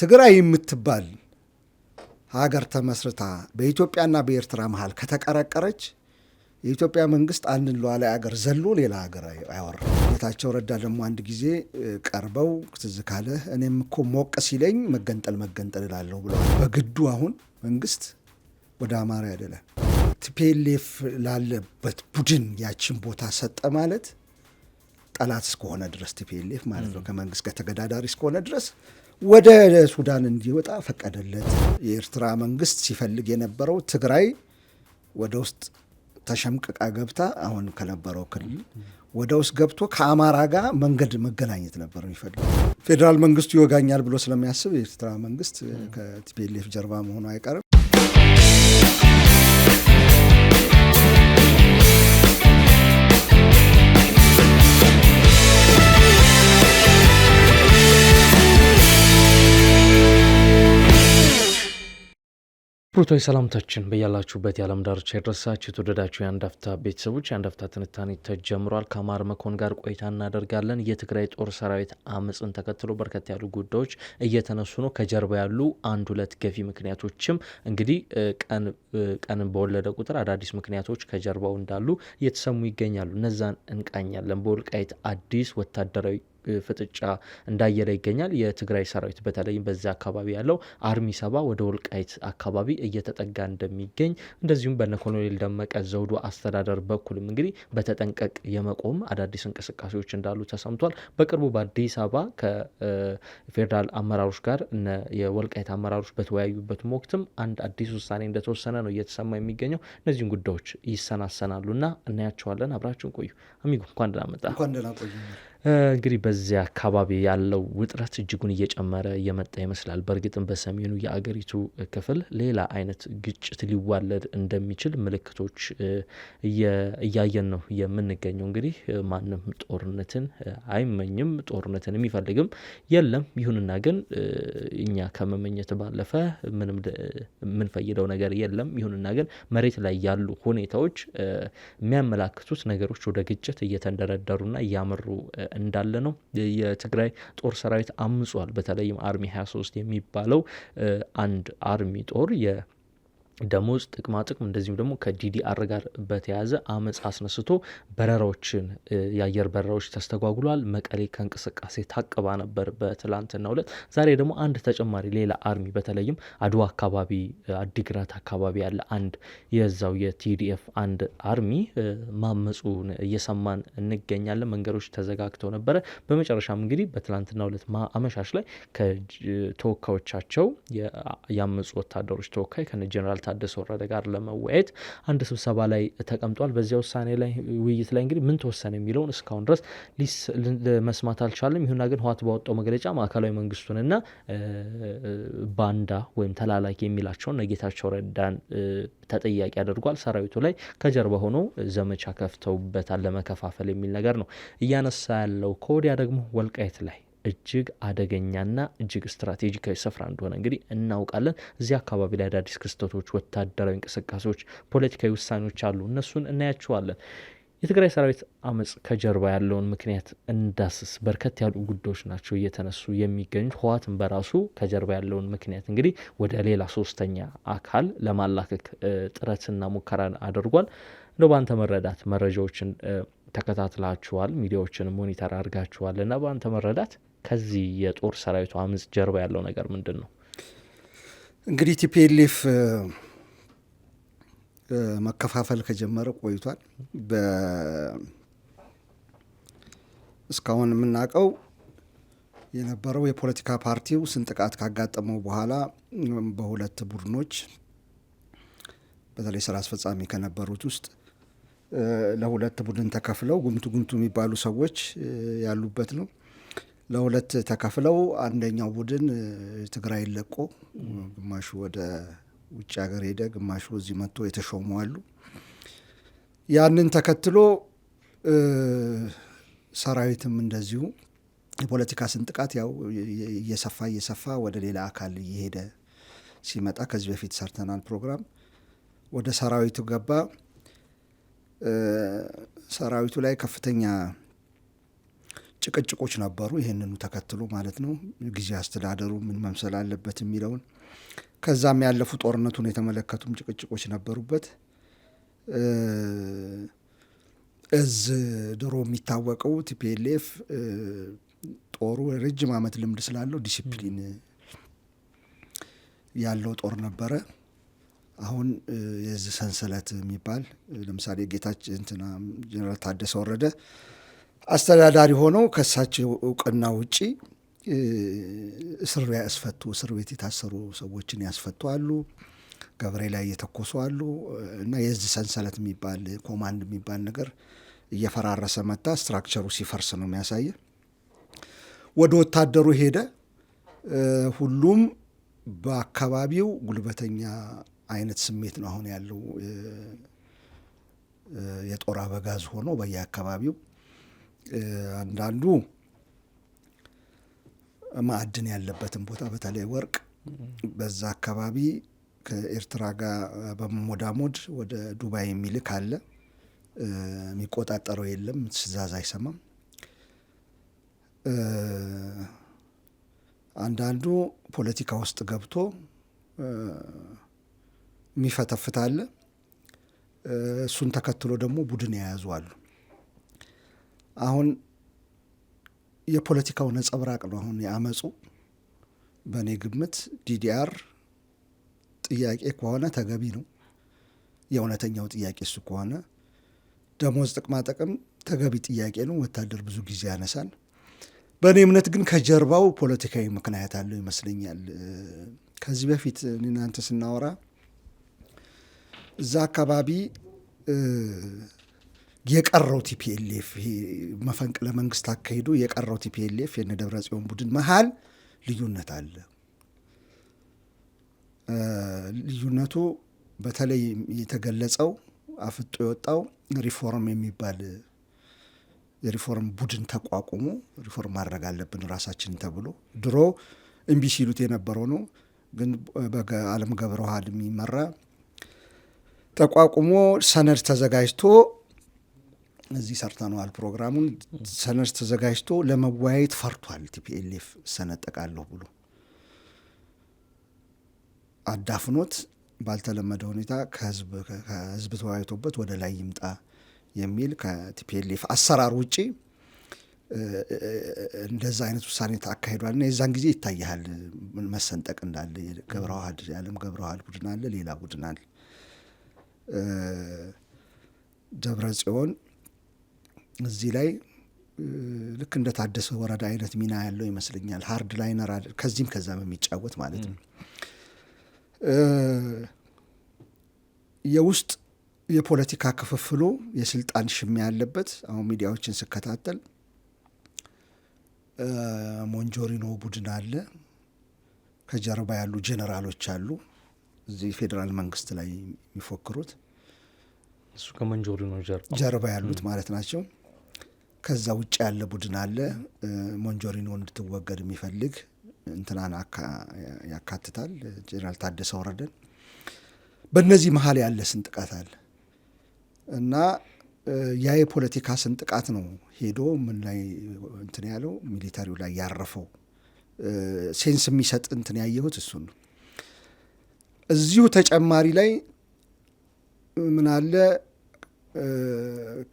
ትግራይ የምትባል ሀገር ተመስርታ በኢትዮጵያና በኤርትራ መሀል ከተቀረቀረች የኢትዮጵያ መንግስት አንድን ሉዓላዊ ሀገር ዘሎ ሌላ ሀገር አይወራም። ጌታቸው ረዳ ደግሞ አንድ ጊዜ ቀርበው ትዝ ካለህ እኔም እኮ ሞቅ ሲለኝ መገንጠል መገንጠል እላለሁ ብለዋል። በግዱ አሁን መንግስት ወደ አማራ ያደለ ቲፒኤልኤፍ ላለበት ቡድን ያችን ቦታ ሰጠ ማለት ጠላት እስከሆነ ድረስ ቲፒኤልኤፍ ማለት ነው ከመንግስት ጋር ተገዳዳሪ እስከሆነ ድረስ ወደ ሱዳን እንዲወጣ ፈቀደለት። የኤርትራ መንግስት ሲፈልግ የነበረው ትግራይ ወደ ውስጥ ተሸምቅቃ ገብታ አሁን ከነበረው ክልል ወደ ውስጥ ገብቶ ከአማራ ጋር መንገድ መገናኘት ነበር የሚፈልግ። ፌዴራል መንግስቱ ይወጋኛል ብሎ ስለሚያስብ የኤርትራ መንግስት ከቲፒኤልኤፍ ጀርባ መሆኑ አይቀርም። ስፖርታዊ ሰላምታችን በያላችሁበት የዓለም ዳርቻ የደረሳችሁ የተወደዳችሁ የአንድ ቤተሰቦች የአንድ ትንታኔ ተጀምሯል። ከአማር መኮን ጋር ቆይታ እናደርጋለን። የትግራይ ጦር ሰራዊት አመፅን ተከትሎ በርከት ያሉ ጉዳዮች እየተነሱ ነው። ከጀርባ ያሉ አንድ ሁለት ገፊ ምክንያቶችም እንግዲህ ቀንን በወለደ ቁጥር አዳዲስ ምክንያቶች ከጀርባው እንዳሉ እየተሰሙ ይገኛሉ። እነዛን እንቃኛለን። በወልቃይት አዲስ ወታደራዊ ፍጥጫ እንዳየለ ይገኛል። የትግራይ ሰራዊት በተለይም በዚያ አካባቢ ያለው አርሚ ሰባ ወደ ወልቃይት አካባቢ እየተጠጋ እንደሚገኝ እንደዚሁም በነ ኮሎኔል ደመቀ ዘውዱ አስተዳደር በኩልም እንግዲህ በተጠንቀቅ የመቆም አዳዲስ እንቅስቃሴዎች እንዳሉ ተሰምቷል። በቅርቡ በአዲስ አበባ ከፌዴራል አመራሮች ጋር የወልቃይት አመራሮች በተወያዩበትም ወቅትም አንድ አዲስ ውሳኔ እንደተወሰነ ነው እየተሰማ የሚገኘው። እነዚህን ጉዳዮች እና እናያቸዋለን። አብራችሁን ቆዩ። አሚጎ እንኳን ደህና መጣ። እንግዲህ በዚያ አካባቢ ያለው ውጥረት እጅጉን እየጨመረ እየመጣ ይመስላል። በእርግጥም በሰሜኑ የአገሪቱ ክፍል ሌላ አይነት ግጭት ሊዋለድ እንደሚችል ምልክቶች እያየን ነው የምንገኘው። እንግዲህ ማንም ጦርነትን አይመኝም፣ ጦርነትን የሚፈልግም የለም። ይሁንና ግን እኛ ከመመኘት ባለፈ ምንም የምንፈይደው ነገር የለም። ይሁንና ግን መሬት ላይ ያሉ ሁኔታዎች የሚያመላክቱት ነገሮች ወደ ግጭት እየተንደረደሩና እያመሩ እንዳለ ነው። የትግራይ ጦር ሰራዊት አምጿል። በተለይም አርሚ 23 የሚባለው አንድ አርሚ ጦር ደሞዝ፣ ጥቅማ ጥቅም እንደዚሁም ደግሞ ከዲዲአር ጋር በተያያዘ አመፅ አስነስቶ በረራዎችን የአየር በረራዎች ተስተጓጉሏል። መቀሌ ከእንቅስቃሴ ታቅባ ነበር በትላንትና ሁለት ዛሬ ደግሞ አንድ ተጨማሪ ሌላ አርሚ በተለይም አድዋ አካባቢ አዲግራት አካባቢ ያለ አንድ የዛው የቲዲኤፍ አንድ አርሚ ማመፁን እየሰማን እንገኛለን። መንገዶች ተዘጋግተው ነበረ። በመጨረሻም እንግዲህ በትላንትና ሁለት አመሻሽ ላይ ከተወካዮቻቸው የአመፁ ወታደሮች ተወካይ ከነ ታደሰ ወረደ ጋር ለመወያየት አንድ ስብሰባ ላይ ተቀምጧል። በዚያ ውሳኔ ላይ ውይይት ላይ እንግዲህ ምን ተወሰነ የሚለውን እስካሁን ድረስ መስማት አልቻለም። ይሁና ግን ህወሓት ባወጣው መግለጫ ማዕከላዊ መንግስቱንና ባንዳ ወይም ተላላኪ የሚላቸውን ነጌታቸው ረዳን ተጠያቂ አድርጓል። ሰራዊቱ ላይ ከጀርባ ሆኖ ዘመቻ ከፍተውበታል ለመከፋፈል የሚል ነገር ነው እያነሳ ያለው። ከወዲያ ደግሞ ወልቃይት ላይ እጅግ አደገኛና እጅግ ስትራቴጂካዊ ስፍራ እንደሆነ እንግዲህ እናውቃለን። እዚህ አካባቢ ላይ አዳዲስ ክስተቶች፣ ወታደራዊ እንቅስቃሴዎች፣ ፖለቲካዊ ውሳኔዎች አሉ። እነሱን እናያቸዋለን። የትግራይ ሰራዊት አመፅ ከጀርባ ያለውን ምክንያት እንዳስስ በርከት ያሉ ጉዳዮች ናቸው እየተነሱ የሚገኙት። ህወሓትን በራሱ ከጀርባ ያለውን ምክንያት እንግዲህ ወደ ሌላ ሶስተኛ አካል ለማላከክ ጥረትና ሙከራ አድርጓል። እንደው በአንተ መረዳት መረጃዎችን ተከታትላችኋል፣ ሚዲያዎችን ሞኒተር አድርጋችኋል እና በአንተ መረዳት ከዚህ የጦር ሰራዊቱ አምፅ ጀርባ ያለው ነገር ምንድን ነው? እንግዲህ ቲፒኤልኤፍ መከፋፈል ከጀመረ ቆይቷል። እስካሁን የምናውቀው የነበረው የፖለቲካ ፓርቲው ስንጥቃት ካጋጠመው በኋላ በሁለት ቡድኖች በተለይ ስራ አስፈጻሚ ከነበሩት ውስጥ ለሁለት ቡድን ተከፍለው ጉምቱ ጉምቱ የሚባሉ ሰዎች ያሉበት ነው። ለሁለት ተከፍለው አንደኛው ቡድን ትግራይ ለቆ ግማሹ ወደ ውጭ ሀገር ሄደ፣ ግማሹ እዚህ መጥቶ የተሾሙ አሉ። ያንን ተከትሎ ሰራዊትም እንደዚሁ የፖለቲካ ስንጥቃት ያው እየሰፋ እየሰፋ ወደ ሌላ አካል እየሄደ ሲመጣ ከዚህ በፊት ሰርተናል ፕሮግራም ወደ ሰራዊቱ ገባ። ሰራዊቱ ላይ ከፍተኛ ጭቅጭቆች ነበሩ። ይህንኑ ተከትሎ ማለት ነው ጊዜ አስተዳደሩ ምን መምሰል አለበት የሚለውን ከዛም ያለፉ ጦርነቱን የተመለከቱም ጭቅጭቆች ነበሩበት። እዝ ድሮ የሚታወቀው ቲፒኤልኤፍ ጦሩ ረጅም ዓመት ልምድ ስላለው ዲሲፕሊን ያለው ጦር ነበረ። አሁን የዚህ ሰንሰለት የሚባል ለምሳሌ ጌታችን እንትና ጀነራል ታደሰ ወረደ አስተዳዳሪ ሆነው ከእሳቸው እውቅና ውጪ እስር ያስፈቱ እስር ቤት የታሰሩ ሰዎችን ያስፈቱ አሉ፣ ገብሬ ላይ እየተኮሱ አሉ እና የዚህ ሰንሰለት የሚባል ኮማንድ የሚባል ነገር እየፈራረሰ መጣ። ስትራክቸሩ ሲፈርስ ነው የሚያሳየ። ወደ ወታደሩ ሄደ። ሁሉም በአካባቢው ጉልበተኛ አይነት ስሜት ነው አሁን ያለው የጦር አበጋዝ ሆኖ በየአካባቢው አንዳንዱ ማዕድን ያለበትን ቦታ በተለይ ወርቅ በዛ አካባቢ ከኤርትራ ጋር በመሞዳሞድ ወደ ዱባይ የሚልክ አለ። የሚቆጣጠረው የለም፣ ትዕዛዝ አይሰማም። አንዳንዱ ፖለቲካ ውስጥ ገብቶ የሚፈተፍታለ። እሱን ተከትሎ ደግሞ ቡድን የያዙ አሉ። አሁን የፖለቲካው ነጸብራቅ ነው። አሁን የአመፁ በእኔ ግምት ዲዲአር ጥያቄ ከሆነ ተገቢ ነው። የእውነተኛው ጥያቄ እሱ ከሆነ ደሞዝ፣ ጥቅማ ጥቅም ተገቢ ጥያቄ ነው። ወታደር ብዙ ጊዜ ያነሳል። በእኔ እምነት ግን ከጀርባው ፖለቲካዊ ምክንያት አለው ይመስለኛል። ከዚህ በፊት እናንተ ስናወራ እዛ አካባቢ የቀረው ቲፒኤልኤፍ መፈንቅለ መንግስት አካሂዱ የቀረው ቲፒኤልኤፍ የነ ጽዮን ቡድን መሀል ልዩነት አለ። ልዩነቱ በተለይ የተገለጸው አፍጦ የወጣው ሪፎርም የሚባል የሪፎርም ቡድን ተቋቁሞ ሪፎርም ማድረግ አለብን ራሳችን ተብሎ ድሮ እምቢ ሲሉት የነበረው ነው። ግን በአለም ገብረዋህድ የሚመራ ተቋቁሞ ሰነድ ተዘጋጅቶ እዚህ ሰርተነዋል ፕሮግራሙን ሰነድ ተዘጋጅቶ ለመወያየት ፈርቷል። ቲፒኤልኤፍ እሰነጠቃለሁ ብሎ አዳፍኖት ባልተለመደ ሁኔታ ከህዝብ ተወያይቶበት ወደ ላይ ይምጣ የሚል ከቲፒኤልኤፍ አሰራር ውጪ እንደዛ አይነት ውሳኔ ታካሂዷል እና የዛን ጊዜ ይታይሃል መሰንጠቅ እንዳለ ገብረዋህድ የዓለም ገብረዋህድ ቡድን አለ፣ ሌላ ቡድን አለ። ደብረ ጽዮን እዚህ ላይ ልክ እንደ ታደሰ ወረዳ አይነት ሚና ያለው ይመስለኛል። ሀርድ ላይነር ከዚህም ከዛም የሚጫወት ማለት ነው። የውስጥ የፖለቲካ ክፍፍሉ የስልጣን ሽሚያ ያለበት አሁን ሚዲያዎችን ስከታተል ሞንጆሪኖ ቡድን አለ፣ ከጀርባ ያሉ ጀነራሎች አሉ፣ እዚህ ፌዴራል መንግስት ላይ የሚፎክሩት እሱ ከሞንጆሪኖ ጀርባ ያሉት ማለት ናቸው። ከዛ ውጭ ያለ ቡድን አለ። ሞንጆሪኖ እንድትወገድ የሚፈልግ እንትናን ያካትታል። ጄኔራል ታደሰ ወረደን በእነዚህ መሀል ያለ ስንጥቃት አለ እና ያ የፖለቲካ ስንጥቃት ነው ሄዶ ምን ላይ እንትን ያለው ሚሊታሪው ላይ ያረፈው ሴንስ የሚሰጥ እንትን ያየሁት እሱን ነው። እዚሁ ተጨማሪ ላይ ምን አለ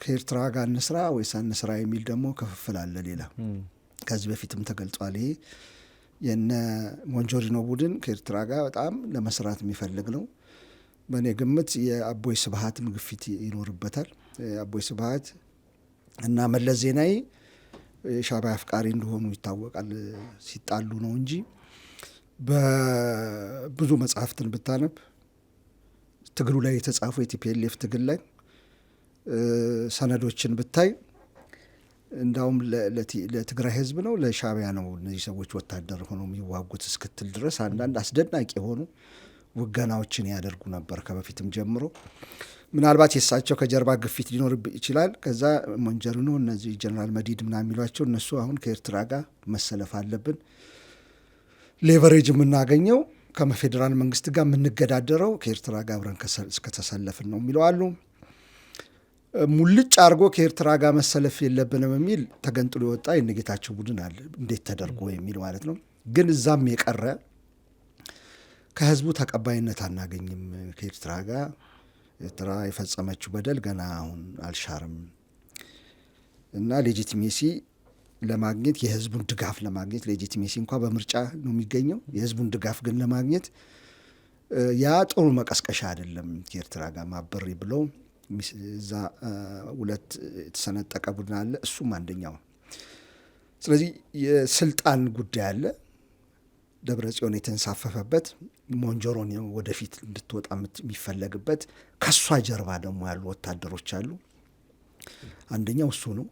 ከኤርትራ ጋር እንስራ ወይስ አንስራ የሚል ደግሞ ክፍፍል አለ ሌላ ከዚህ በፊትም ተገልጿል። ይሄ የነ ሞንጆሪኖ ቡድን ከኤርትራ ጋር በጣም ለመስራት የሚፈልግ ነው። በእኔ ግምት የአቦይ ስብሃትም ግፊት ይኖርበታል። አቦይ ስብሀት እና መለስ ዜናዊ የሻዕቢያ አፍቃሪ እንደሆኑ ይታወቃል። ሲጣሉ ነው እንጂ በብዙ መጽሐፍትን ብታነብ ትግሉ ላይ የተጻፉ የቲፒኤልኤፍ ትግል ላይ ሰነዶችን ብታይ እንዳውም ለትግራይ ህዝብ ነው ለሻቢያ ነው እነዚህ ሰዎች ወታደር ሆነው የሚዋጉት እስክትል ድረስ አንዳንድ አስደናቂ የሆኑ ውገናዎችን ያደርጉ ነበር ከበፊትም ጀምሮ። ምናልባት የእሳቸው ከጀርባ ግፊት ሊኖር ይችላል። ከዛ ነው እነዚህ ጀነራል መዲድ ምና የሚሏቸው እነሱ አሁን ከኤርትራ ጋር መሰለፍ አለብን፣ ሌቨሬጅ የምናገኘው ከፌዴራል መንግስት ጋር የምንገዳደረው ከኤርትራ ጋር አብረን እስከተሰለፍን ነው የሚለው አሉ። ሙልጭ አድርጎ ከኤርትራ ጋር መሰለፍ የለብንም የሚል ተገንጥሎ የወጣ የነጌታቸው ቡድን አለ። እንዴት ተደርጎ የሚል ማለት ነው። ግን እዛም የቀረ ከህዝቡ ተቀባይነት አናገኝም ከኤርትራ ጋር ኤርትራ የፈጸመችው በደል ገና አሁን አልሻርም እና ሌጂቲሜሲ ለማግኘት የህዝቡን ድጋፍ ለማግኘት ሌጂቲሜሲ እንኳ በምርጫ ነው የሚገኘው። የህዝቡን ድጋፍ ግን ለማግኘት ያ ጥሩ መቀስቀሻ አይደለም ከኤርትራ ጋር ማበሪ ብለው እዛ ሁለት የተሰነጠቀ ቡድን አለ። እሱም አንደኛው ነው። ስለዚህ የስልጣን ጉዳይ አለ። ደብረ ጽዮን የተንሳፈፈበት ሞንጆሮን ወደፊት እንድትወጣ የሚፈለግበት፣ ከሷ ጀርባ ደግሞ ያሉ ወታደሮች አሉ። አንደኛው እሱ ነው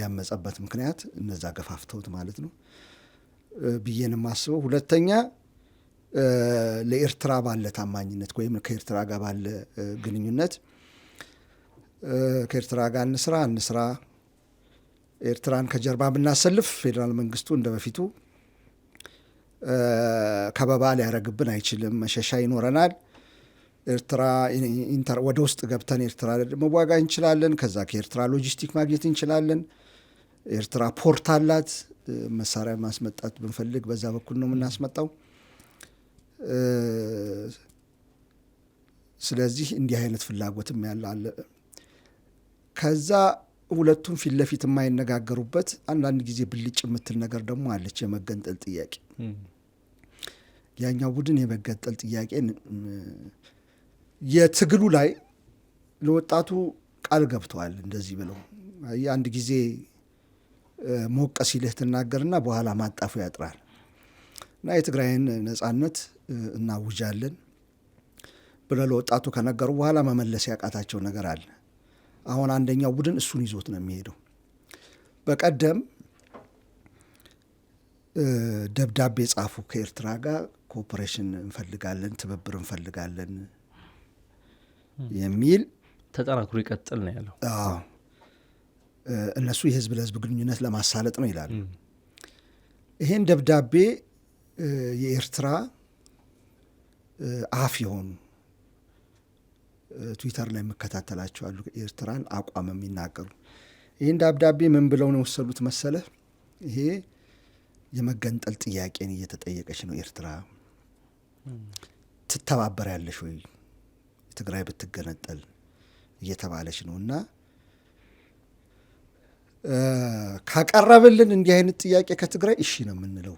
ያመጸበት ምክንያት እነዛ ገፋፍተውት ማለት ነው ብዬን የማስበው። ሁለተኛ ለኤርትራ ባለ ታማኝነት ወይም ከኤርትራ ጋር ባለ ግንኙነት ከኤርትራ ጋር እንስራ እንስራ ኤርትራን ከጀርባ ብናሰልፍ ፌዴራል መንግስቱ እንደ በፊቱ ከበባ ሊያደረግብን አይችልም፣ መሸሻ ይኖረናል። ኤርትራ ወደ ውስጥ ገብተን ኤርትራ መዋጋ እንችላለን። ከዛ ከኤርትራ ሎጂስቲክ ማግኘት እንችላለን። ኤርትራ ፖርት አላት። መሳሪያ ማስመጣት ብንፈልግ በዛ በኩል ነው የምናስመጣው። ስለዚህ እንዲህ አይነት ፍላጎትም ያለ ከዛ ሁለቱም ፊት ለፊት የማይነጋገሩበት አንዳንድ ጊዜ ብልጭ የምትል ነገር ደግሞ አለች። የመገንጠል ጥያቄ ያኛው ቡድን የመገንጠል ጥያቄ የትግሉ ላይ ለወጣቱ ቃል ገብተዋል። እንደዚህ ብለው አንድ ጊዜ ሞቀ ሲልህ ትናገርና በኋላ ማጣፉ ያጥራል እና የትግራይን ነጻነት እናውጃለን ብለ ለወጣቱ ከነገሩ በኋላ መመለስ ያቃታቸው ነገር አለ። አሁን አንደኛው ቡድን እሱን ይዞት ነው የሚሄደው። በቀደም ደብዳቤ ጻፉ ከኤርትራ ጋር ኮኦፕሬሽን እንፈልጋለን፣ ትብብር እንፈልጋለን የሚል ተጠናክሮ ይቀጥል ነው ያለው። እነሱ የህዝብ ለህዝብ ግንኙነት ለማሳለጥ ነው ይላሉ። ይሄን ደብዳቤ የኤርትራ አፍ የሆኑ ትዊተር ላይ የምከታተላቸው አሉ ኤርትራን አቋም የሚናገሩ ይህን ደብዳቤ ምን ብለው ነው የወሰዱት መሰለ ይሄ የመገንጠል ጥያቄን እየተጠየቀች ነው ኤርትራ ትተባበር ያለሽ ወይ ትግራይ ብትገነጠል እየተባለች ነው እና ካቀረብልን እንዲህ አይነት ጥያቄ ከትግራይ እሺ ነው የምንለው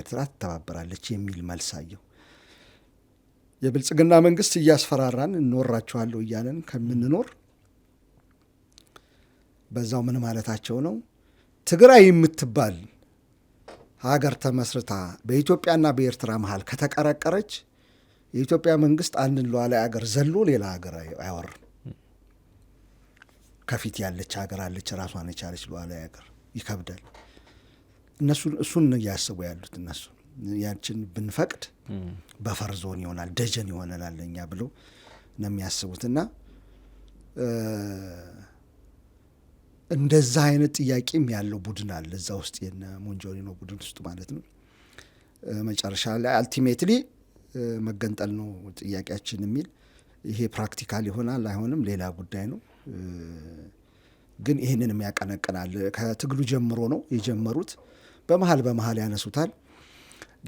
ኤርትራ ትተባበራለች የሚል መልስ አየው። የብልጽግና መንግስት እያስፈራራን እንወራቸዋለሁ እያለን ከምንኖር በዛው ምን ማለታቸው ነው? ትግራይ የምትባል ሀገር ተመስርታ በኢትዮጵያና በኤርትራ መሀል ከተቀረቀረች የኢትዮጵያ መንግስት አንድን ሉዓላዊ ሀገር ዘሎ ሌላ ሀገር አይወርም። ከፊት ያለች ሀገር አለች፣ ራሷን የቻለች ሉዓላዊ ሀገር። ይከብዳል። እነሱን እሱን እያስቡ ያሉት እነሱ ያችን ብንፈቅድ በፈር ዞን ይሆናል ደጀን ይሆነናል እኛ ብሎ ነው የሚያስቡት። እና እንደዛ አይነት ጥያቄም ያለው ቡድን አለ እዛ ውስጥ የነ ሞንጆሪኖ ቡድን ውስጥ ማለት ነው። መጨረሻ ላይ አልቲሜትሊ መገንጠል ነው ጥያቄያችን የሚል ይሄ ፕራክቲካል ይሆናል አይሆንም ሌላ ጉዳይ ነው። ግን ይህንን ያቀነቅናል። ከትግሉ ጀምሮ ነው የጀመሩት። በመሀል በመሀል ያነሱታል።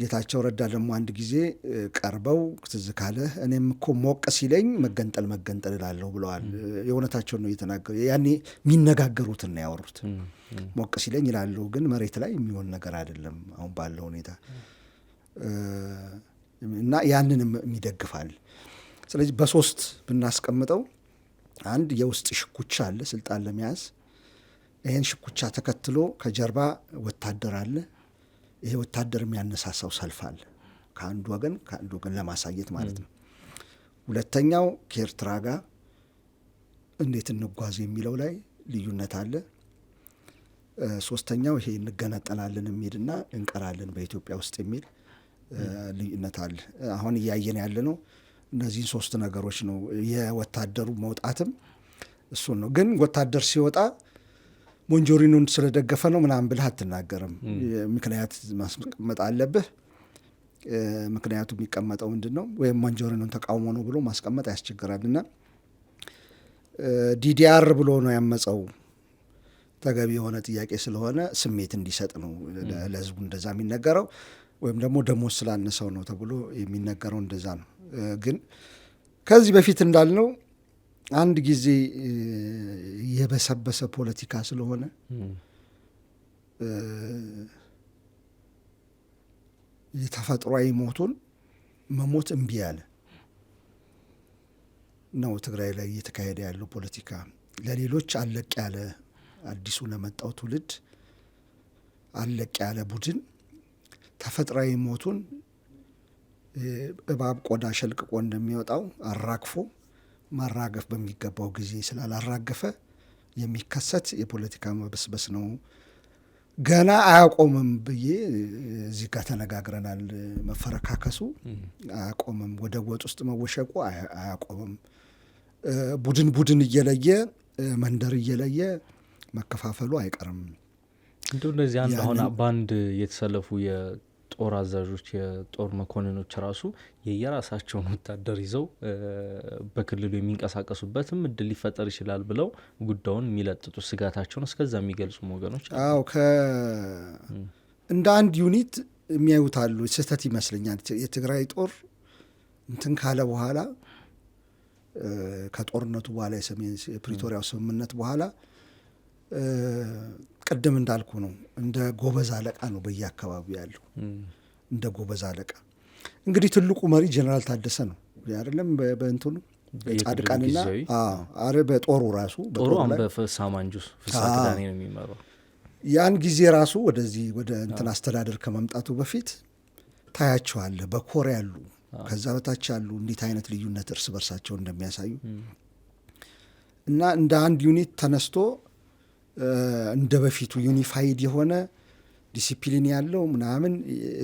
ጌታቸው ረዳ ደግሞ አንድ ጊዜ ቀርበው ትዝ ካለህ እኔም እኮ ሞቅ ሲለኝ መገንጠል መገንጠል እላለሁ ብለዋል። የእውነታቸውን ነው እየተናገሩ ያኔ የሚነጋገሩትና ያወሩት ሞቅ ሲለኝ እላለሁ፣ ግን መሬት ላይ የሚሆን ነገር አይደለም አሁን ባለው ሁኔታ እና ያንንም ይደግፋል። ስለዚህ በሶስት ብናስቀምጠው አንድ የውስጥ ሽኩቻ አለ ስልጣን ለመያዝ ይህን ሽኩቻ ተከትሎ ከጀርባ ወታደር አለ ይሄ ወታደር የሚያነሳሳው ሰልፍ አለ ከአንዱ ወገን ከአንዱ ወገን ለማሳየት ማለት ነው። ሁለተኛው ከኤርትራ ጋር እንዴት እንጓዝ የሚለው ላይ ልዩነት አለ። ሶስተኛው ይሄ እንገነጠላለን የሚልና እንቀራለን በኢትዮጵያ ውስጥ የሚል ልዩነት አለ። አሁን እያየን ያለ ነው። እነዚህን ሶስት ነገሮች ነው የወታደሩ መውጣትም እሱን ነው። ግን ወታደር ሲወጣ ሞንጆሪኖን ስለደገፈ ነው ምናምን ብለህ አትናገርም። ምክንያት ማስቀመጥ አለብህ። ምክንያቱ የሚቀመጠው ምንድን ነው ወይም ሞንጆሪኖን ተቃውሞ ነው ብሎ ማስቀመጥ ያስቸግራል። እና ዲዲአር ብሎ ነው ያመፀው ተገቢ የሆነ ጥያቄ ስለሆነ ስሜት እንዲሰጥ ነው ለህዝቡ እንደዛ የሚነገረው ወይም ደግሞ ደሞዝ ስላነሰው ነው ተብሎ የሚነገረው እንደዛ ነው። ግን ከዚህ በፊት እንዳልነው አንድ ጊዜ የበሰበሰ ፖለቲካ ስለሆነ የተፈጥሯዊ ሞቱን መሞት እምቢ ያለ ነው። ትግራይ ላይ እየተካሄደ ያለው ፖለቲካ ለሌሎች አለቅ ያለ አዲሱ ለመጣው ትውልድ አለቅ ያለ ቡድን ተፈጥሯዊ ሞቱን እባብ ቆዳ ሸልቅቆ እንደሚወጣው አራግፎ ማራገፍ በሚገባው ጊዜ ስላላራገፈ የሚከሰት የፖለቲካ መበስበስ ነው። ገና አያቆምም ብዬ እዚህ ጋር ተነጋግረናል። መፈረካከሱ አያቆምም፣ ወደ ወጥ ውስጥ መወሸቁ አያቆምም። ቡድን ቡድን እየለየ መንደር እየለየ መከፋፈሉ አይቀርም። እንዲሁ እነዚህ አንድ አሁን በአንድ የተሰለፉ የጦር አዛዦች፣ የጦር መኮንኖች ራሱ የየራሳቸውን ወታደር ይዘው በክልሉ የሚንቀሳቀሱበትም እድል ሊፈጠር ይችላል ብለው ጉዳዩን የሚለጥጡ ስጋታቸውን እስከዛ የሚገልጹም ወገኖች አዎ እንደ አንድ ዩኒት የሚያዩታሉ ስህተት ይመስለኛል። የትግራይ ጦር እንትን ካለ በኋላ ከጦርነቱ በኋላ የሰሜን ፕሪቶሪያው ስምምነት በኋላ ቅድም እንዳልኩ ነው። እንደ ጎበዝ አለቃ ነው በየአካባቢው ያለው እንደ ጎበዝ አለቃ እንግዲህ ትልቁ መሪ ጀነራል ታደሰ ነው አይደለም በእንትኑ ጻድቃንና አረ በጦሩ ራሱ ጦሩ ነው የሚመራው። ያን ጊዜ ራሱ ወደዚህ ወደ እንትን አስተዳደር ከመምጣቱ በፊት ታያቸዋለህ። በኮር ያሉ ከዛ በታች ያሉ እንዴት አይነት ልዩነት እርስ በርሳቸው እንደሚያሳዩ እና እንደ አንድ ዩኒት ተነስቶ እንደ በፊቱ ዩኒፋይድ የሆነ ዲሲፕሊን ያለው ምናምን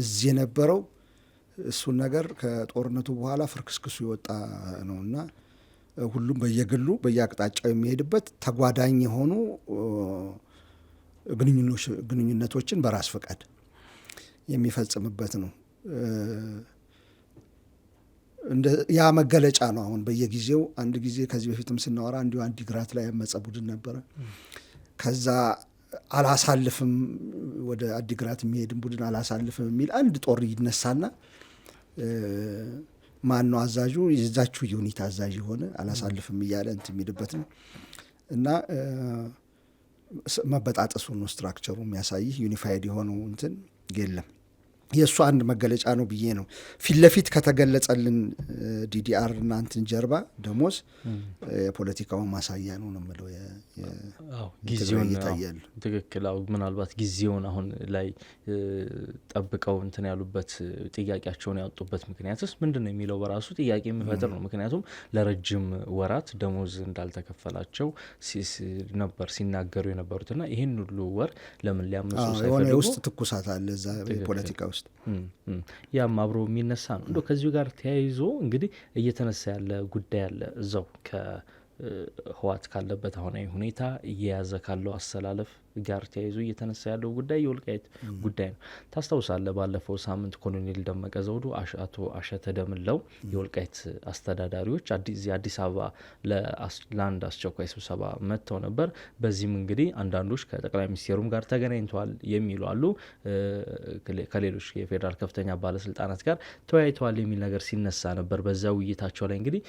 እዚ የነበረው እሱን ነገር ከጦርነቱ በኋላ ፍርክስክሱ የወጣ እና ሁሉም በየግሉ በየአቅጣጫው የሚሄድበት ተጓዳኝ የሆኑ ግንኙነቶችን በራስ ፈቃድ የሚፈጽምበት ነው። ያ መገለጫ ነው። አሁን በየጊዜው አንድ ጊዜ ከዚህ በፊትም ስናወራ እንዲሁ አንዲግራት ላይ ያመፀ ቡድን ነበረ። ከዛ አላሳልፍም ወደ አዲግራት የሚሄድን ቡድን አላሳልፍም የሚል አንድ ጦር ይነሳና ማን ነው አዛዡ? የዛችሁ ዩኒት አዛዥ የሆነ አላሳልፍም እያለ እንትን የሚልበት ነው እና መበጣጠሱን ስትራክቸሩ የሚያሳይህ ዩኒፋይድ የሆነው እንትን የለም። የእሱ አንድ መገለጫ ነው ብዬ ነው። ፊት ለፊት ከተገለጸልን ዲዲአር እናንትን ጀርባ ደሞዝ የፖለቲካው ማሳያ ነው ነው የምለው። ጊዜውን ትክክል። ምናልባት ጊዜውን አሁን ላይ ጠብቀው እንትን ያሉበት ጥያቄያቸውን ያወጡበት ምክንያትስ ምንድን ነው የሚለው በራሱ ጥያቄ የሚፈጥር ነው። ምክንያቱም ለረጅም ወራት ደሞዝ እንዳልተከፈላቸው ነበር ሲናገሩ የነበሩትና ይህን ሁሉ ወር ለምን ሊያምሱ የሆነ የውስጥ ትኩሳት አለ እዛ የፖለቲካ ውስጥ ያም አብሮ የሚነሳ ነው። እንደ ከዚሁ ጋር ተያይዞ እንግዲህ እየተነሳ ያለ ጉዳይ አለ እዛው ከህዋት ካለበት አሁናዊ ሁኔታ እየያዘ ካለው አሰላለፍ ጋር ተያይዞ እየተነሳ ያለው ጉዳይ የወልቃይት ጉዳይ ነው። ታስታውሳለ ባለፈው ሳምንት ኮሎኔል ደመቀ ዘውዱ አቶ አሸተ ደምለው የወልቃይት አስተዳዳሪዎች እዚህ አዲስ አበባ ለአንድ አስቸኳይ ስብሰባ መጥተው ነበር። በዚህም እንግዲህ አንዳንዶች ከጠቅላይ ሚኒስቴሩም ጋር ተገናኝተዋል የሚሉ አሉ። ከሌሎች የፌዴራል ከፍተኛ ባለስልጣናት ጋር ተወያይተዋል የሚል ነገር ሲነሳ ነበር። በዛ ውይይታቸው ላይ እንግዲህ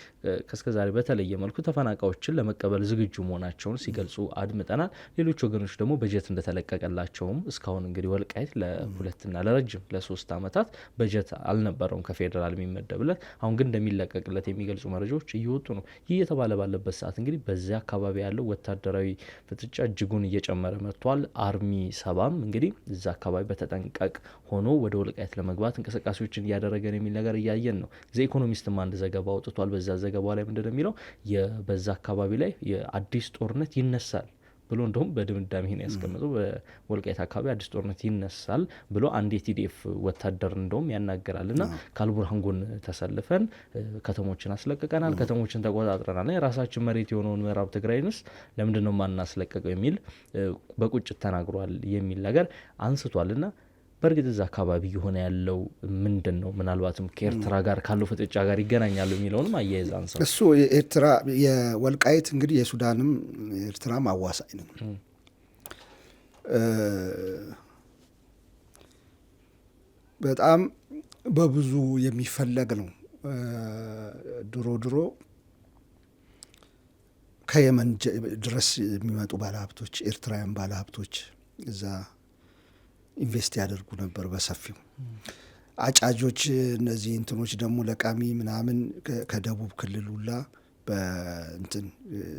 ከስከዛሬ በተለየ መልኩ ተፈናቃዮችን ለመቀበል ዝግጁ መሆናቸውን ሲገልጹ አድምጠናል። ሌሎች ወገኖች ደግሞ በጀት እንደተለቀቀላቸውም እስካሁን እንግዲህ ወልቃይት ለሁለትና ለረጅም ለሶስት አመታት በጀት አልነበረውም ከፌዴራል የሚመደብለት አሁን ግን እንደሚለቀቅለት የሚገልጹ መረጃዎች እየወጡ ነው። ይህ እየተባለ ባለበት ሰዓት እንግዲህ በዚያ አካባቢ ያለው ወታደራዊ ፍጥጫ እጅጉን እየጨመረ መጥቷል። አርሚ ሰባም እንግዲህ እዛ አካባቢ በተጠንቀቅ ሆኖ ወደ ወልቃይት ለመግባት እንቅስቃሴዎችን እያደረገ ነው የሚል ነገር እያየን ነው። ዘ ኢኮኖሚስትም አንድ ዘገባ አውጥቷል። በዛ ዘገባ ላይ ምንድን ነው የሚለው በዛ አካባቢ ላይ የአዲስ ጦርነት ይነሳል ብሎ እንደሁም በድምዳሜ ነው ያስቀምጠው በወልቃየት አካባቢ አዲስ ጦርነት ይነሳል ብሎ አንድ የቲዲኤፍ ወታደር እንደሁም ያናገራል እና ከአልቡርሃን ጎን ተሰልፈን ከተሞችን አስለቅቀናል፣ ከተሞችን ተቆጣጥረናል፣ የራሳችን መሬት የሆነውን ምዕራብ ትግራይ ንስ ለምንድነው ማናስለቀቀው የሚል በቁጭት ተናግሯል የሚል ነገር አንስቷል እና በእርግጥ እዛ አካባቢ የሆነ ያለው ምንድን ነው? ምናልባትም ከኤርትራ ጋር ካለው ፍጥጫ ጋር ይገናኛሉ የሚለውንም አያይዝ አንሳ። እሱ ኤርትራ የወልቃይት እንግዲህ የሱዳንም ኤርትራም አዋሳኝ ነው። በጣም በብዙ የሚፈለግ ነው። ድሮ ድሮ ከየመን ድረስ የሚመጡ ባለሀብቶች ኤርትራውያን ባለሀብቶች እዛ ኢንቨስት ያደርጉ ነበር በሰፊው። አጫጆች እነዚህ እንትኖች ደግሞ ለቃሚ ምናምን ከደቡብ ክልል ሁላ በእንትን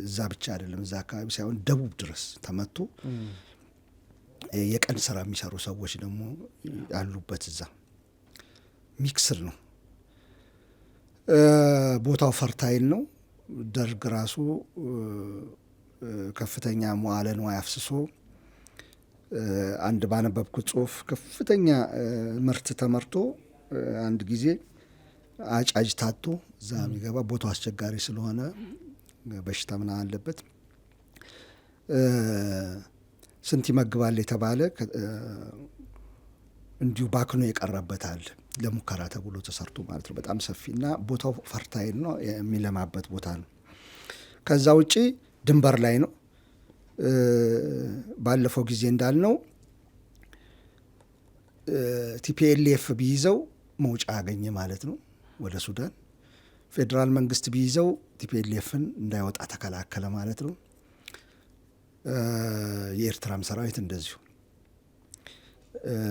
እዛ ብቻ አይደለም እዛ አካባቢ ሳይሆን ደቡብ ድረስ ተመቶ የቀን ስራ የሚሰሩ ሰዎች ደግሞ ያሉበት እዛ ሚክስር ነው። ቦታው ፈርታይል ነው። ደርግ ራሱ ከፍተኛ መዋለ ንዋይ አፍስሶ አንድ ባነበብኩት ጽሁፍ ከፍተኛ ምርት ተመርቶ አንድ ጊዜ አጫጅ ታቶ እዛ የሚገባ ቦታው አስቸጋሪ ስለሆነ በሽታ ምና አለበት ስንት ይመግባል የተባለ እንዲሁ ባክኖ የቀረበታል ለሙከራ ተብሎ ተሰርቶ ማለት ነው። በጣም ሰፊ እና ቦታው ፈርታይል ነው፣ የሚለማበት ቦታ ነው። ከዛ ውጪ ድንበር ላይ ነው። ባለፈው ጊዜ እንዳልነው ቲፒኤልኤፍ ቢይዘው መውጫ አገኘ ማለት ነው ወደ ሱዳን። ፌዴራል መንግስት ቢይዘው ቲፒኤልኤፍን እንዳይወጣ ተከላከለ ማለት ነው። የኤርትራም ሰራዊት እንደዚሁ።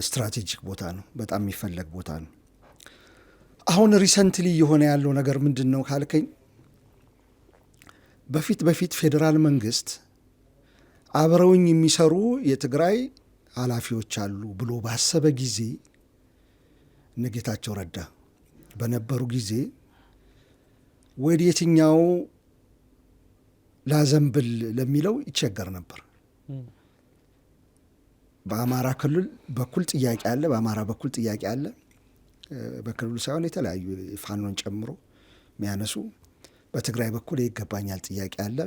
ስትራቴጂክ ቦታ ነው፣ በጣም የሚፈለግ ቦታ ነው። አሁን ሪሰንትሊ የሆነ ያለው ነገር ምንድን ነው ካልከኝ፣ በፊት በፊት ፌዴራል መንግስት አብረውኝ የሚሰሩ የትግራይ ኃላፊዎች አሉ ብሎ ባሰበ ጊዜ እነ ጌታቸው ረዳ በነበሩ ጊዜ ወደ የትኛው ላዘንብል ለሚለው ይቸገር ነበር። በአማራ ክልል በኩል ጥያቄ አለ፣ በአማራ በኩል ጥያቄ አለ። በክልሉ ሳይሆን የተለያዩ ፋኖን ጨምሮ የሚያነሱ በትግራይ በኩል ይገባኛል ጥያቄ አለ።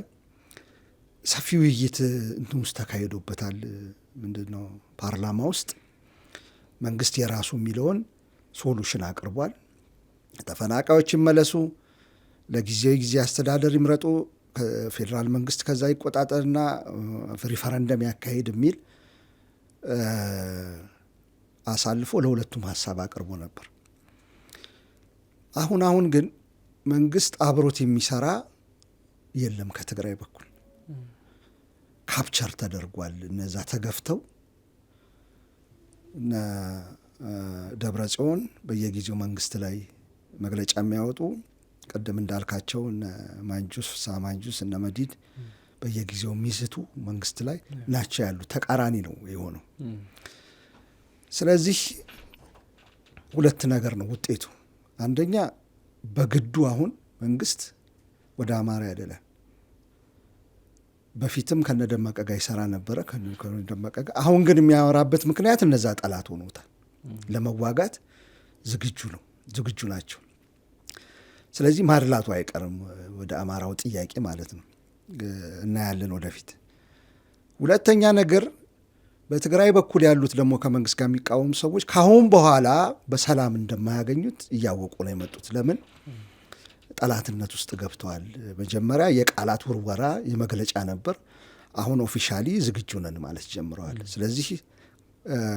ሰፊ ውይይት እንትን ውስጥ ተካሂዶበታል። ምንድን ነው ፓርላማ ውስጥ መንግስት የራሱ የሚለውን ሶሉሽን አቅርቧል። ተፈናቃዮች ይመለሱ፣ ለጊዜው ጊዜ አስተዳደር ይምረጡ፣ ፌዴራል መንግስት ከዛ ይቆጣጠርና ሪፈረንደም ያካሄድ የሚል አሳልፎ ለሁለቱም ሀሳብ አቅርቦ ነበር። አሁን አሁን ግን መንግስት አብሮት የሚሰራ የለም ከትግራይ በኩል ካፕቸር ተደርጓል። እነዛ ተገፍተው እነ ደብረ ጽዮን በየጊዜው መንግስት ላይ መግለጫ የሚያወጡ ቅድም እንዳልካቸው እነ ማንጁስ ፍሳ ማንጁስ እነ መዲድ በየጊዜው የሚስቱ መንግስት ላይ ናቸው ያሉ። ተቃራኒ ነው የሆነው። ስለዚህ ሁለት ነገር ነው ውጤቱ። አንደኛ በግዱ አሁን መንግስት ወደ አማራ ያደላል። በፊትም ከነደመቀ ጋር ይሰራ ነበረ ከነደመቀ ጋር። አሁን ግን የሚያወራበት ምክንያት እነዛ ጠላት ሆኖታል። ለመዋጋት ዝግጁ ነው ዝግጁ ናቸው። ስለዚህ ማድላቱ አይቀርም ወደ አማራው ጥያቄ ማለት ነው። እናያለን ወደፊት። ሁለተኛ ነገር በትግራይ በኩል ያሉት ደግሞ ከመንግስት ጋር የሚቃወሙ ሰዎች ከአሁን በኋላ በሰላም እንደማያገኙት እያወቁ ነው የመጡት ለምን ጠላትነት ውስጥ ገብተዋል። መጀመሪያ የቃላት ውርወራ የመግለጫ ነበር። አሁን ኦፊሻሊ ዝግጁ ነን ማለት ጀምረዋል። ስለዚህ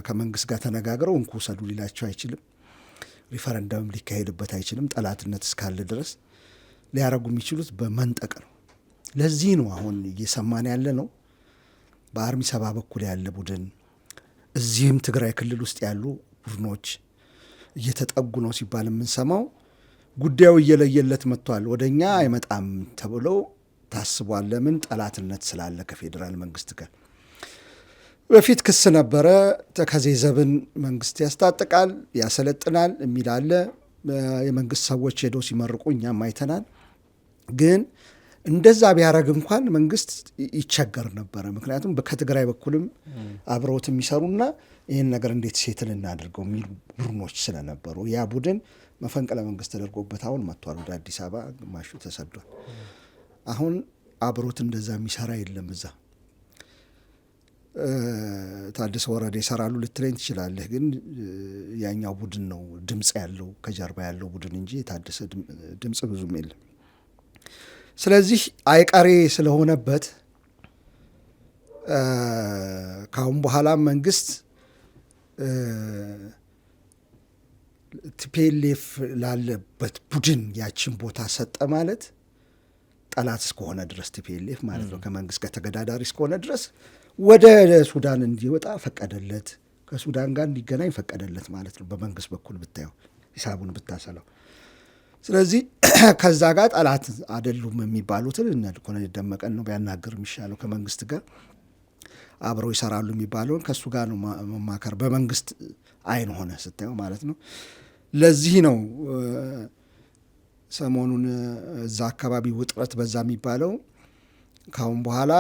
ከመንግስት ጋር ተነጋግረው እንኩ ውሰዱ ሊላቸው አይችልም። ሪፈረንደምም ሊካሄድበት አይችልም። ጠላትነት እስካለ ድረስ ሊያረጉ የሚችሉት በመንጠቅ ነው። ለዚህ ነው አሁን እየሰማን ያለ ነው በአርሚ ሰባ በኩል ያለ ቡድን እዚህም ትግራይ ክልል ውስጥ ያሉ ቡድኖች እየተጠጉ ነው ሲባል የምንሰማው ጉዳዩ እየለየለት መጥቷል። ወደ እኛ አይመጣም ተብሎ ታስቧል። ለምን? ጠላትነት ስላለ ከፌዴራል መንግስት ጋር በፊት ክስ ነበረ። ዘብን መንግስት ያስታጥቃል፣ ያሰለጥናል የሚል አለ። የመንግስት ሰዎች ሄደው ሲመርቁ እኛም አይተናል። ግን እንደዛ ቢያደረግ እንኳን መንግስት ይቸገር ነበረ። ምክንያቱም ከትግራይ በኩልም አብረውት የሚሰሩና ይህን ነገር እንዴት ሴትን እናደርገው የሚሉ ቡድኖች ስለነበሩ ያ ቡድን መፈንቅለ መንግስት ተደርጎበት አሁን መጥቷል። ወደ አዲስ አበባ ግማሹ ተሰዷል። አሁን አብሮት እንደዛ የሚሰራ የለም። እዛ ታደሰ ወረደ ይሰራሉ ልትለኝ ትችላለህ፣ ግን ያኛው ቡድን ነው ድምፅ ያለው ከጀርባ ያለው ቡድን እንጂ የታደሰ ድምፅ ብዙም የለም። ስለዚህ አይቀሬ ስለሆነበት ካሁን በኋላ መንግስት ቲፒኤልኤፍ ላለበት ቡድን ያችን ቦታ ሰጠ ማለት ጠላት እስከሆነ ድረስ ቲፒኤልኤፍ ማለት ነው፣ ከመንግስት ጋር ተገዳዳሪ እስከሆነ ድረስ ወደ ሱዳን እንዲወጣ ፈቀደለት፣ ከሱዳን ጋር እንዲገናኝ ፈቀደለት ማለት ነው። በመንግስት በኩል ብታየው ሂሳቡን ብታሰለው። ስለዚህ ከዛ ጋር ጠላት አይደሉም የሚባሉትን እነ ኮሎኔል ደመቀን ነው ቢያናገር የሚሻለው። ከመንግስት ጋር አብረው ይሰራሉ የሚባለውን ከእሱ ጋር ነው መማከር በመንግስት አይን ሆነ ስታየው ማለት ነው። ለዚህ ነው ሰሞኑን እዛ አካባቢ ውጥረት በዛ የሚባለው ካሁን በኋላ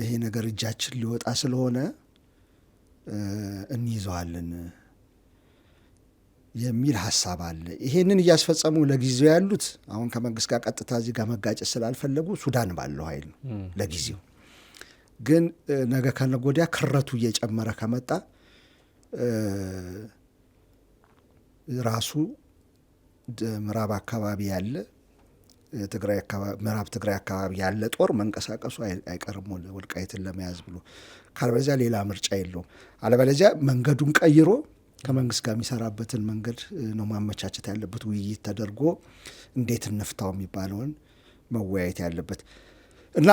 ይሄ ነገር እጃችን ሊወጣ ስለሆነ እንይዘዋለን የሚል ሀሳብ አለ። ይሄንን እያስፈጸሙ ለጊዜው ያሉት አሁን ከመንግስት ጋር ቀጥታ እዚህ ጋር መጋጨት ስላልፈለጉ ሱዳን ባለው ኃይል ነው ለጊዜው። ግን ነገ ከነገ ወዲያ ክረቱ እየጨመረ ከመጣ ራሱ ምዕራብ አካባቢ ያለ ትግራይ ምዕራብ ትግራይ አካባቢ ያለ ጦር መንቀሳቀሱ አይቀርም ወልቃይትን ለመያዝ ብሎ ካልበለዚያ ሌላ ምርጫ የለውም። አለበለዚያ መንገዱን ቀይሮ ከመንግስት ጋር የሚሰራበትን መንገድ ነው ማመቻቸት ያለበት። ውይይት ተደርጎ እንዴት እንፍታው የሚባለውን መወያየት ያለበት እና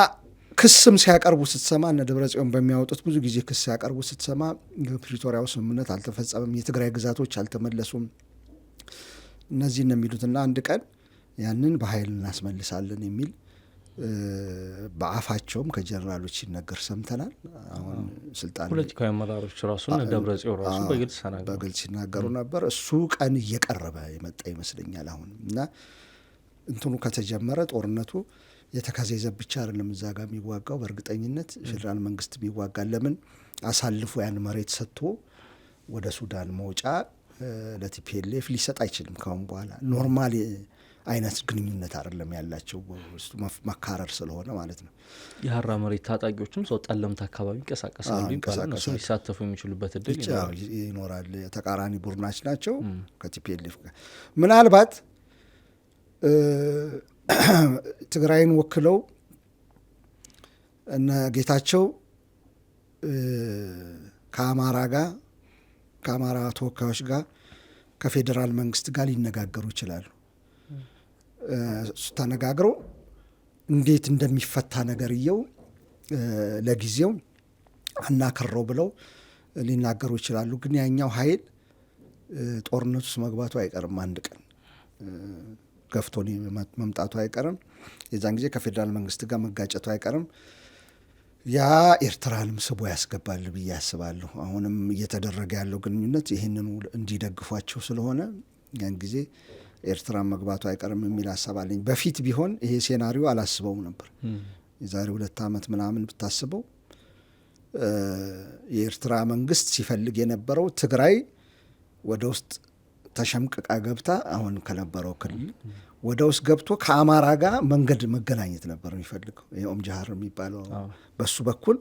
ክስም ሲያቀርቡ ስትሰማ እነ ጽዮን በሚያወጡት ብዙ ጊዜ ክስ ሲያቀርቡ ስትሰማ የፕሪቶሪያው ስምምነት አልተፈጸመም፣ የትግራይ ግዛቶች አልተመለሱም፣ እነዚህ ነው የሚሉትና አንድ ቀን ያንን በኃይል እናስመልሳለን የሚል በአፋቸውም ከጀነራሎች ሲነገር ሰምተናል። አሁን ስልጣን ፖለቲካዊ አመራሮች ራሱ ራሱ በግልጽ ሲናገሩ ነበር። እሱ ቀን እየቀረበ የመጣ ይመስለኛል አሁን እና እንትኑ ከተጀመረ ጦርነቱ የተከዜ ዘብ ብቻ አይደለም እዛ ጋር የሚዋጋው። በእርግጠኝነት ፌዴራል መንግስት የሚዋጋ ለምን አሳልፎ ያን መሬት ሰጥቶ ወደ ሱዳን መውጫ ለቲፒኤልኤፍ ሊሰጥ አይችልም። ካሁን በኋላ ኖርማል አይነት ግንኙነት አይደለም ያላቸው መካረር ስለሆነ ማለት ነው። የሀራ መሬት ታጣቂዎችም ሰው ጠለምት አካባቢ ይንቀሳቀሳሉ ሊሳተፉ የሚችሉበት እድል ይኖራል። ተቃራኒ ቡድናች ናቸው ከቲፒኤልኤፍ ጋር ምናልባት ትግራይን ወክለው እነ ጌታቸው ከአማራ ጋር ከአማራ ተወካዮች ጋር ከፌዴራል መንግስት ጋር ሊነጋገሩ ይችላሉ። እሱ ተነጋግረው እንዴት እንደሚፈታ ነገርየው ለጊዜው አናክረው ብለው ሊናገሩ ይችላሉ። ግን ያኛው ኃይል ጦርነቱ ውስጥ መግባቱ አይቀርም አንድ ቀን ገፍቶ መምጣቱ አይቀርም። የዛን ጊዜ ከፌዴራል መንግስት ጋር መጋጨቱ አይቀርም። ያ ኤርትራንም ስቦ ያስገባል ብዬ አስባለሁ። አሁንም እየተደረገ ያለው ግንኙነት ይህንኑ እንዲደግፏቸው ስለሆነ ያን ጊዜ ኤርትራ መግባቱ አይቀርም የሚል ሀሳብ አለኝ። በፊት ቢሆን ይሄ ሴናሪዮ አላስበው ነበር። የዛሬ ሁለት ዓመት ምናምን ብታስበው የኤርትራ መንግስት ሲፈልግ የነበረው ትግራይ ወደ ውስጥ ተሸምቅቃ ገብታ አሁን ከነበረው ክልል ወደ ውስጥ ገብቶ ከአማራ ጋር መንገድ መገናኘት ነበር የሚፈልገው። ኦም የሚባለው በሱ በኩል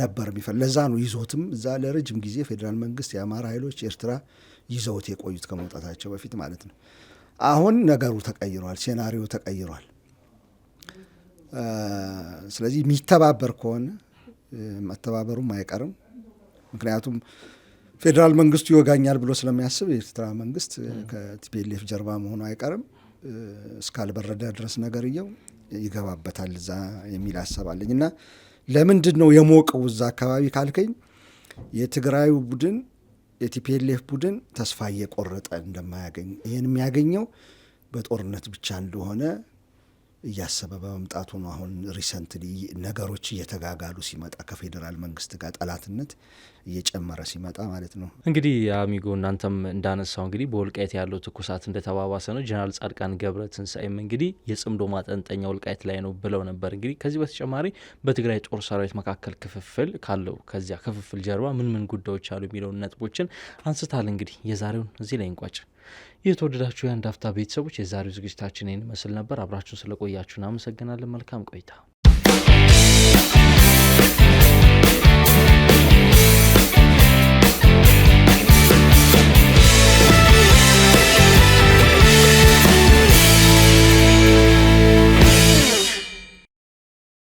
ነበር የሚፈል ለዛ ነው ይዞትም እዛ ለረጅም ጊዜ ፌዴራል መንግስት፣ የአማራ ኃይሎች ኤርትራ ይዘውት የቆዩት ከመውጣታቸው በፊት ማለት ነው። አሁን ነገሩ ተቀይሯል፣ ሴናሪዮ ተቀይሯል። ስለዚህ የሚተባበር ከሆነ መተባበሩም አይቀርም ምክንያቱም ፌዴራል መንግስቱ ይወጋኛል ብሎ ስለሚያስብ የኤርትራ መንግስት ከቲፒኤልኤፍ ጀርባ መሆኑ አይቀርም እስካልበረደ ድረስ ነገርየው ይገባበታል እዛ የሚል ሀሳብ አለኝ እና ለምንድን ነው የሞቀው እዛ አካባቢ ካልከኝ የትግራዩ ቡድን የቲፒኤልኤፍ ቡድን ተስፋ እየቆረጠ እንደማያገኝ ይህን የሚያገኘው በጦርነት ብቻ እንደሆነ እያሰበ በመምጣቱ ነው። አሁን ሪሰንትሊ ነገሮች እየተጋጋሉ ሲመጣ ከፌዴራል መንግስት ጋር ጠላትነት እየጨመረ ሲመጣ ማለት ነው። እንግዲህ አሚጎ እናንተም እንዳነሳው እንግዲህ በወልቃይት ያለው ትኩሳት እንደተባባሰ ነው። ጀነራል ጻድቃን ገብረ ትንሳኤም እንግዲህ የጽምዶ ማጠንጠኛ ወልቃይት ላይ ነው ብለው ነበር። እንግዲህ ከዚህ በተጨማሪ በትግራይ ጦር ሰራዊት መካከል ክፍፍል ካለው ከዚያ ክፍፍል ጀርባ ምን ምን ጉዳዮች አሉ የሚለውን ነጥቦችን አንስታል። እንግዲህ የዛሬውን እዚህ ላይ እንቋጭ። የተወደዳችሁ የአንድ አፍታ ቤተሰቦች የዛሬው ዝግጅታችን ይህን ይመስል ነበር። አብራችሁን ስለቆያችሁን አመሰግናለን። መልካም ቆይታ